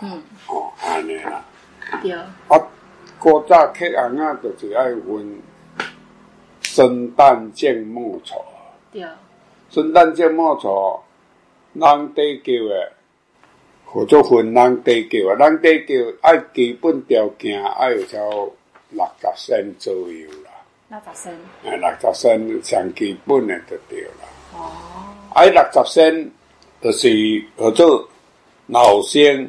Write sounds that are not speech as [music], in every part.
嗯，哦，安尼啦，對啊，古早客人啊，就是愛分聖誕節末錯，聖誕節末錯。人地叫嘅，或者分人地叫嘅，人地叫愛基本條件，愛有超六十升左右啦，六十升，誒、啊，六十升上基本嘅就對啦，哦，誒、啊，六十升就是或者老仙。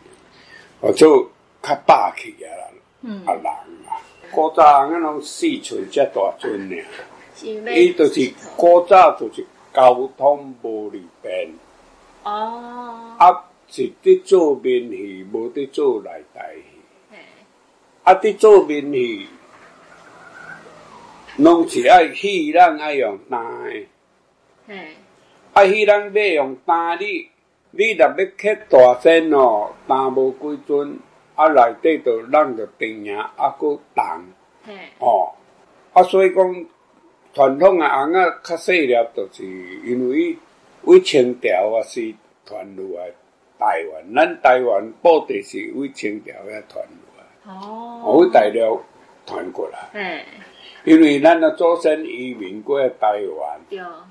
我就較霸氣啊，人啊，古早、就是哦、啊，種四處遮啊。大尊，伊就是古早就是交通無利便哦，啊，是佇做民戲，無佇做內台戲，啊。佇做民戲，攏是愛稀人愛用擔系，啊，稀人咩用擔啲？你若要刻大仙哦，打無幾尊，啊內底度人就定贏，啊閣重，嘿哦，啊所以講，傳統嘅紅啊，較細粒，就是因為為清朝啊是傳入嚟台灣，咱台灣布袋是為清朝嘅傳入哦，為大陸傳過來，嘿因為咱啊祖先移民過台灣。嗯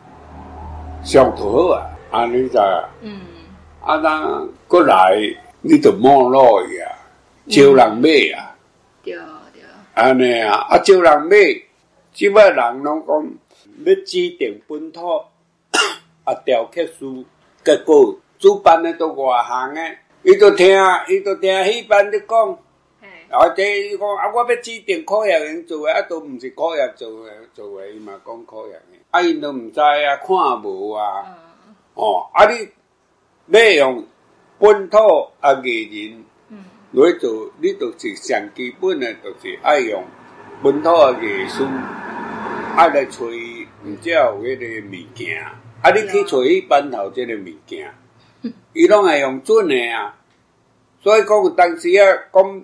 上台啊！阿你就阿當過來，你就摸落去啊，招人買啊。對對。阿你啊，阿招人買，只乜人攞講要指定本土啊雕刻師，結果主辦嘅都外行嘅，佢就聽佢就聽起班啲講。即哋講啊，我要指定科學人做嘅，一、啊、毋是科學做誒，做嘅，嘛講科學嘅。啊，因都毋知啊，看無啊。哦，啊，你你要用本土啊藝人嚟、mm. 就呢度是上基本嘅，就是愛用本土嘅藝人，愛、啊、嚟揣唔有迄個物件。啊。你去揣伊本頭，即個物件，伊攏嚟用准嘅啊。所以講有當時啊講。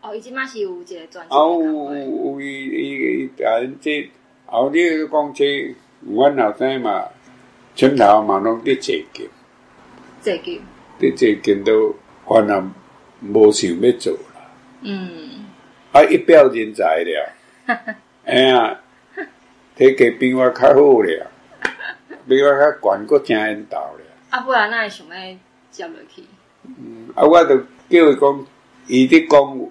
哦，伊即嘛是有一個賺錢。哦、啊，伊伊但即，後日講起，阮後生嘛，前頭嘛攏佇借金，借金，啲借金都可能無想欲做啦。嗯。啊，一表人才了，哎呀、 [laughs] 啊，體格比我較好了， [laughs] 比我較懸前頭了。啊，不然那想欲接落去。嗯，啊，我就叫伊講，伊在講。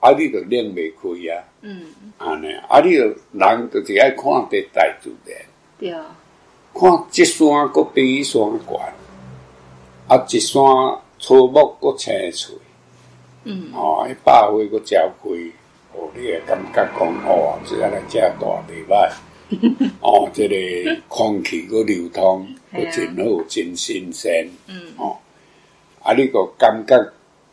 阿你著擰未開啊？嗯，安尼啊，你著人著是愛看得大自然，對、嗯、啊，啊就就看，嗯、看一山個比一山懸啊一山草木個青翠，嗯，哦，百花個照開，哦你個感覺講，啊，即係嚟正大地方， [laughs] 哦，即、這個空氣個流通，個真好，對啊、真新鮮，嗯，哦，啊，你個感覺。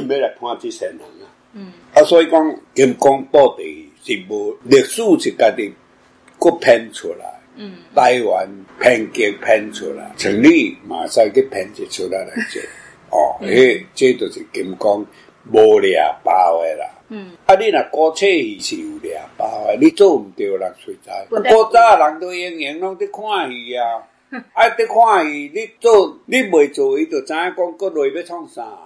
唔俾嚟判啲新人啊！嗯、啊，所以講金剛多地是無歷史是家己個評出來，嗯、台灣評級評出來，城裏馬上去評級出來來做。 [laughs] 哦，呢、嗯、這度是金剛無兩包的啦。嗯，啊你嗱，國車伊是有兩包的，你做毋到人出街。國揸、嗯啊、人都盈盈，攏佇看戲啊！ [laughs] 啊佇看戲，你做你唔做，伊，就知影講嗰度要創啥。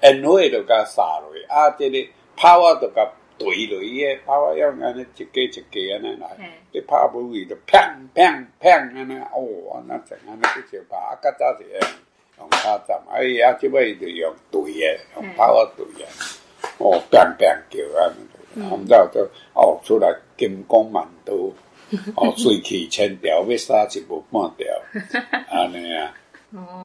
煙灰就甲灑落去，啊！即、這個炮啊就甲對落去，炮啊要安尼一個一個安尼來，啲炮母魚就劈劈劈安尼。哦，安、啊、尼，下呢啲啊較早炸會用炮炸，哎呀，即尾就用對誒，用炮啊對誒。哦，劈劈叫啊，毋知就哦，出嚟金光萬道， [laughs] 哦，水氣千條，要沙全部半條。安尼 [laughs] 啊。嗯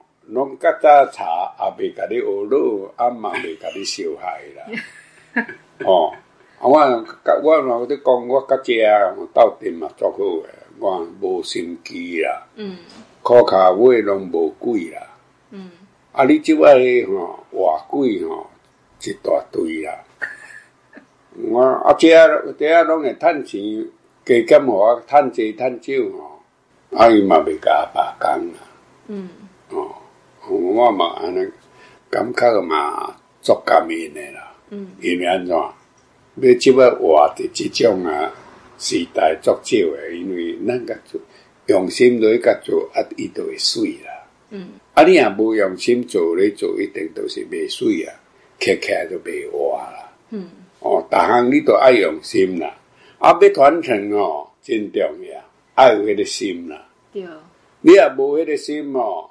攏較早查也未甲啲學，到，阿媽未甲啲受害啦。 [laughs] 哦，我我我啲講，我家姐啊，我到底嘛足好誒。我無心機啦。嗯，口下話攏無鬼啦。嗯，阿、啊、你即愛去吼，話、啊、鬼吼、啊，一大堆啦。我阿姐啊，啲啊，攏會趁錢，我趁濟趁少吼。阿，伊嘛未甲阿爸講啦。嗯。 [noise] 我咪安尼，感覺嘛，足感恩嘅啦，因為安怎？要即要活啲即種啊，時代造就的。因為嗱個做用心嚟，個做，一定都會水啦。嗯，啊你啊冇用心做嚟做，一定都是未水啊，刻刻都未活啦。嗯，哦，逐項你都愛用心啦，啊，要傳承哦，真重要，愛有迄個心啦。對。你啊冇迄個心哦、喔。